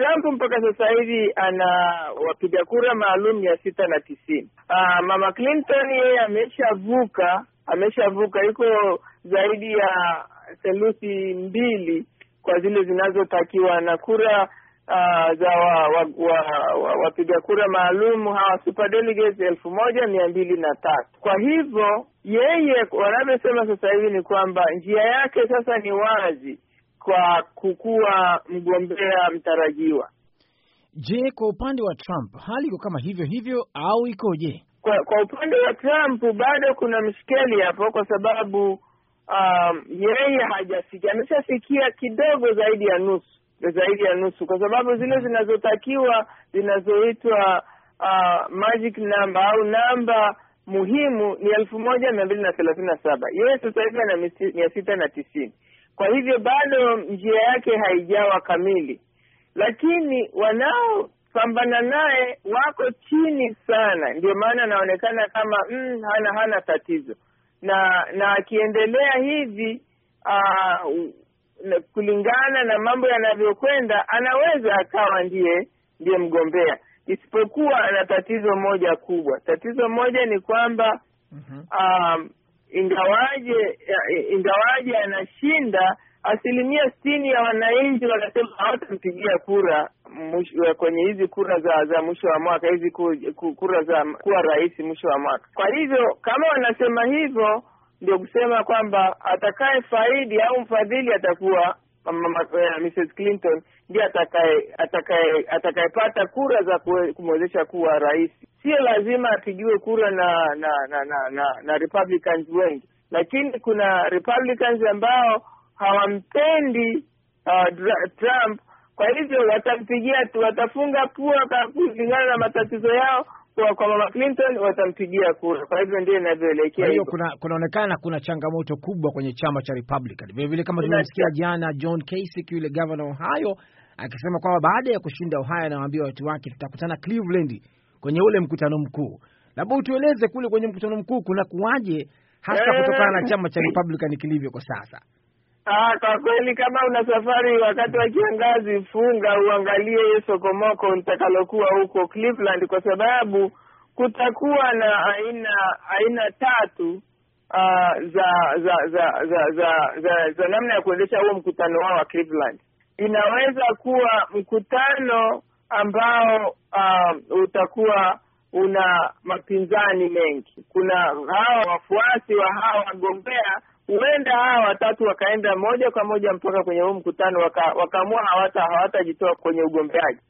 Trump mpaka sasa hivi ana wapiga kura maalum ya sita na tisini. Aa, ah, mama Clinton yeye ameshavuka, ameshavuka yuko zaidi ya theluthi mbili kwa zile zinazotakiwa na kura Uh, za wa, wa, wa, wa, wapiga kura maalum hawa delegates elfu moja mia mbili na tatu. Kwa hivyo yeye wanavyosema sasa hivi ni kwamba njia yake sasa ni wazi kwa kukuwa mgombea mtarajiwa. Je, kwa upande wa Trump hali iko kama hivyo hivyo au ikoje? Kwa, kwa upande wa Trump bado kuna mshikeli hapo, kwa sababu um, yeye hajafikia, ameshafikia kidogo zaidi ya nusu, zaidi ya nusu, kwa sababu zile zinazotakiwa zinazoitwa uh, magic number au namba muhimu ni elfu moja mia mbili na thelathini na saba yeye sasa hivi ana mia sita na tisini kwa hivyo bado njia yake haijawa kamili, lakini wanaopambana naye wako chini sana, ndio maana anaonekana kama mm, hana hana tatizo, na na akiendelea hivi aa, ah, kulingana na mambo yanavyokwenda, anaweza akawa ndiye ndiye mgombea, isipokuwa ana tatizo moja kubwa. Tatizo moja ni kwamba mm -hmm. um, ingawaje eh, ingawaje anashinda, asilimia sitini ya wananchi wanasema hawatampigia kura mwisho, eh, kwenye hizi kura za za mwisho wa mwaka, hizi kura za kuwa rais mwisho wa mwaka. Kwa hivyo kama wanasema hivyo, ndio kusema kwamba atakaye faidi au mfadhili atakuwa Mrs Clinton ndiye atakaye atakaye atakayepata kura za kumwezesha kuwa rais. Sio lazima apigiwe kura na na na na, na, na Republicans wengi, lakini kuna Republicans ambao hawampendi uh, Trump, kwa hivyo watampigia, watafunga pua kulingana na matatizo yao kwa kwa mama Clinton watampigia kura. Kwa hivyo ndio inavyoelekea hiyo, Kuna kunaonekana kuna changamoto kubwa kwenye chama cha Republican vile vile, kama tumemsikia jana John Kasich, yule governor Ohio, akisema kwamba baada ya kushinda Ohio anawaambia watu wake tutakutana Cleveland kwenye ule mkutano mkuu. Labda utueleze kule kwenye mkutano mkuu kuna kuwaje hasa eh. kutokana na chama cha Republican kilivyo kwa sasa. Ah, kwa kweli kama una safari wakati wa kiangazi, funga uangalie hiyo sokomoko nitakalokuwa huko Cleveland, kwa sababu kutakuwa na aina aina tatu ah, za za za za za namna ya kuendesha huo mkutano wao wa Cleveland. Inaweza kuwa mkutano ambao ah, utakuwa una mapinzani mengi. Kuna hawa wafuasi wa hawa wagombea huenda hawa watatu wakaenda moja kwa moja mpaka kwenye huu mkutano, wakaamua waka hawatajitoa kwenye ugombeaji.